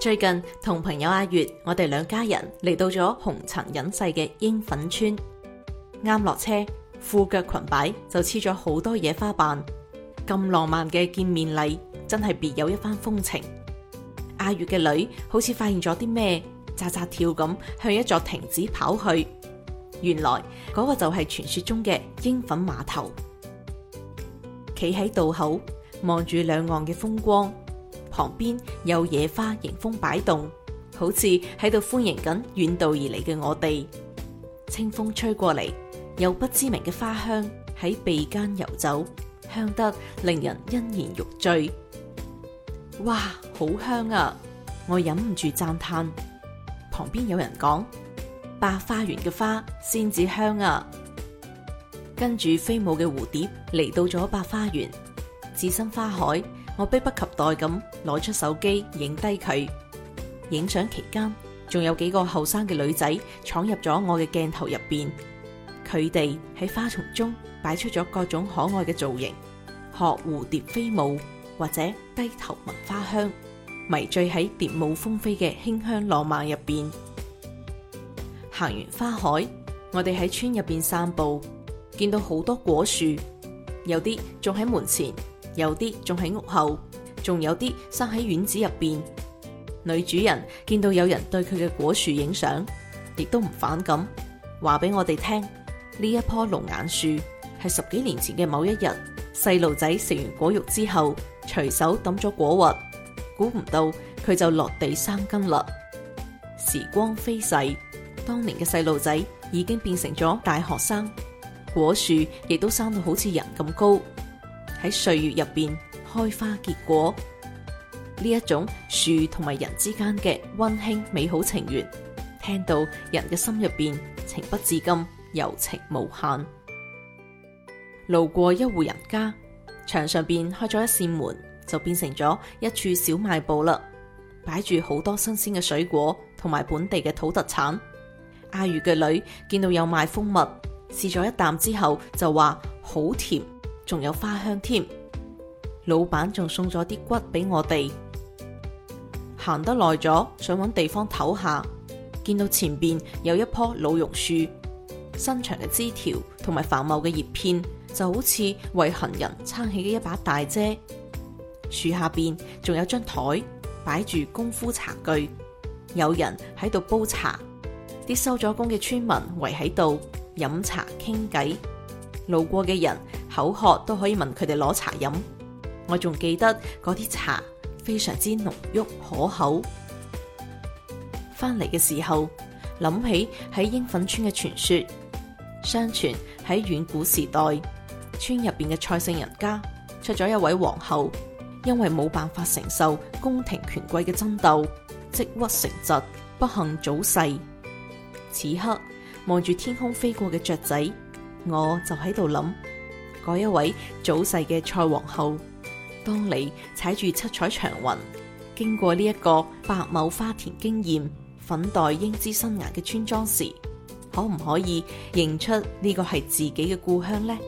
最近同朋友阿月，我哋兩家人嚟到咗紅塵隱世嘅英粉村。啱落車，褲腳裙擺就黐咗好多野花瓣，咁浪漫嘅見面禮，真係別有一番風情。阿月嘅女好似發現咗啲咩，扎扎跳咁向一座亭子跑去。原來嗰個就係傳說中嘅英粉碼頭。企喺渡口，望住兩岸嘅風光。旁邊有野花迎風擺動，好似喺度歡迎緊遠道而嚟嘅我哋。清風吹過嚟，有不知名嘅花香喺鼻間遊走，香得令人欣然欲醉。哇，好香啊！我忍唔住讚嘆。旁邊有人講：百花園嘅花，先至香啊。跟住飛舞嘅蝴蝶嚟到咗百花園，置身花海。我迫不及待咁攞出手機影低佢。影相期間，仲有幾個後生嘅女仔闖入咗我嘅鏡頭入邊。佢哋喺花叢中擺出咗各種可愛嘅造型，學蝴蝶飛舞，或者低頭聞花香，迷醉喺蝶舞蜂飛嘅馨香浪漫入邊。行完花海，我哋喺村入邊散步，見到好多果樹，有啲仲喺門前。有啲仲喺屋後，仲有啲生喺院子入邊。女主人見到有人對佢嘅果樹影相，亦都唔反感，話俾我哋聽：呢一棵龍眼樹係十幾年前嘅某一日，細路仔食完果肉之後，隨手抌咗果核，估唔到佢就落地生根啦。時光飛逝，當年嘅細路仔已經變成咗大學生，果樹亦都生到好似人咁高。喺歲月入邊開花結果，呢一種樹同埋人之間嘅溫馨美好情緣，聽到人嘅心入邊情不自禁，柔情無限。路過一戶人家，牆上邊開咗一扇門，就變成咗一處小賣部啦，擺住好多新鮮嘅水果同埋本地嘅土特產。阿月嘅女見到有賣蜂蜜，試咗一啖之後就話好甜。仲有花香添，老闆仲送咗啲桔俾我哋。行得耐咗，想揾地方唞下，見到前邊有一棵老榕樹，伸長嘅枝條同埋繁茂嘅葉片，就好似為行人撐起嘅一把大遮。樹下邊仲有張台，擺住功夫茶具，有人喺度煲茶，啲收咗工嘅村民圍喺度飲茶傾偈，路過嘅人。口渴都可以問佢哋攞茶飲。我仲記得嗰啲茶非常之濃郁可口。翻嚟嘅時候，諗起喺英粉村嘅傳說，相傳喺遠古時代，村入邊嘅蔡姓人家出咗一位皇后，因為冇辦法承受宮廷權貴嘅爭鬥，積鬱成疾，不幸早逝。此刻望住天空飛過嘅雀仔，我就喺度諗。嗰一位早逝嘅蔡皇后，當你踩住七彩祥雲，經過呢一個百畝花田驚艷、粉黛英姿新顏嘅村莊時，可唔可以認出呢個係自己嘅故鄉呢？